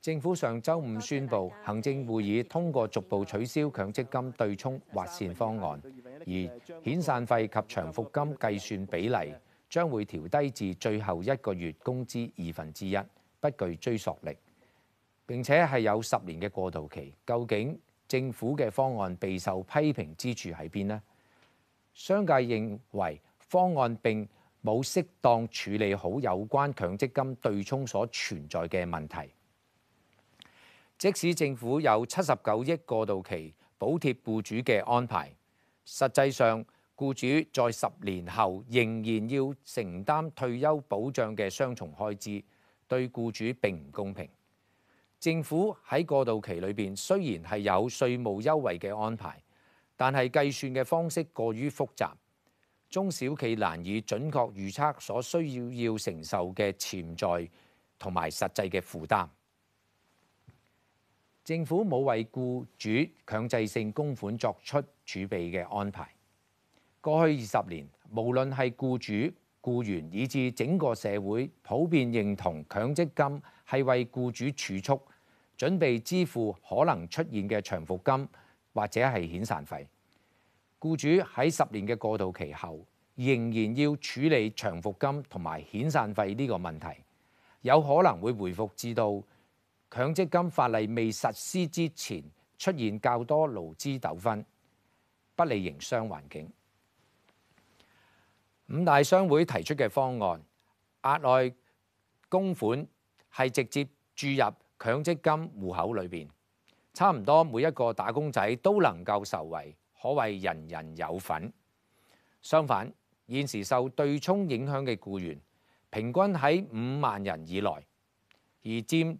政府上周五宣布，行政會議通過逐步取消強積金對沖劃線方案，而遣散費及長服金計算比例將會調低至最後一個月工資二分之一，不具追溯力，並且係有十年嘅過渡期。究竟？政府嘅方案備受批評之處喺邊呢？商界認為方案並冇適當處理好有關強積金對沖所存在嘅問題。即使政府有七十九億過渡期補貼僱僱主嘅安排，實際上僱主在十年後仍然要承擔退休保障嘅雙重開支，對僱主並唔公平。政府喺過渡期裏邊雖然係有稅務優惠嘅安排，但係計算嘅方式過於複雜，中小企難以準確預測所需要要承受嘅潛在同埋實際嘅負擔。政府冇為僱主強制性供款作出儲備嘅安排。過去二十年，無論係僱主，僱員以至整個社會普遍認同強積金係為僱主儲蓄，準備支付可能出現嘅長服金或者係遣散費。僱主喺十年嘅過渡期後，仍然要處理長服金同埋遣散費呢個問題，有可能會回復至到強積金法例未實施之前出現較多勞資糾紛，不利營商環境。五大商會提出嘅方案，額外供款係直接注入強積金戶口裏邊，差唔多每一個打工仔都能夠受惠，可謂人人有份。相反，現時受對沖影響嘅僱員平均喺五萬人以內，而佔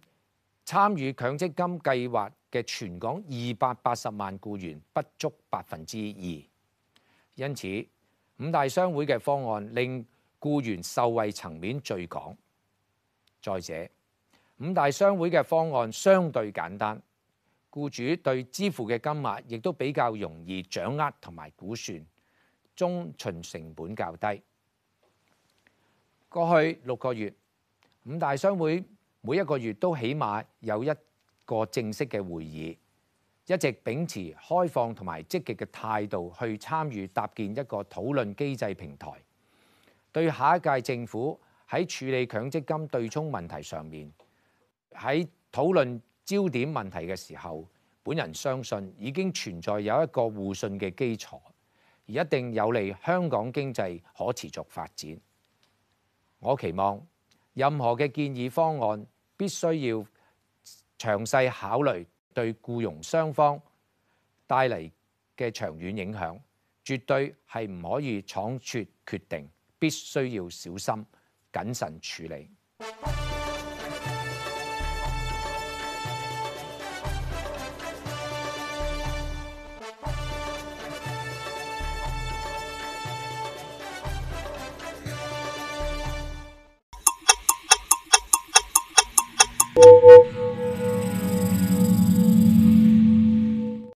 參與強積金計劃嘅全港二百八十萬僱員不足百分之二，因此，五大商會嘅方案令僱員受惠層面最廣。再者，五大商會嘅方案相對簡單，僱主對支付嘅金額亦都比較容易掌握同埋估算，遵循成本較低。過去六個月，五大商會每一個月都起碼有一個正式嘅會議。一直秉持開放同埋積極嘅態度去參與搭建一個討論機制平台，對下一屆政府喺處理強積金對沖問題上面，喺討論焦點問題嘅時候，本人相信已經存在有一個互信嘅基礎，而一定有利香港經濟可持續發展。我期望任何嘅建議方案必須要詳細考慮。對僱傭雙方帶嚟嘅長遠影響，絕對係唔可以倉促決定，必須要小心謹慎處理。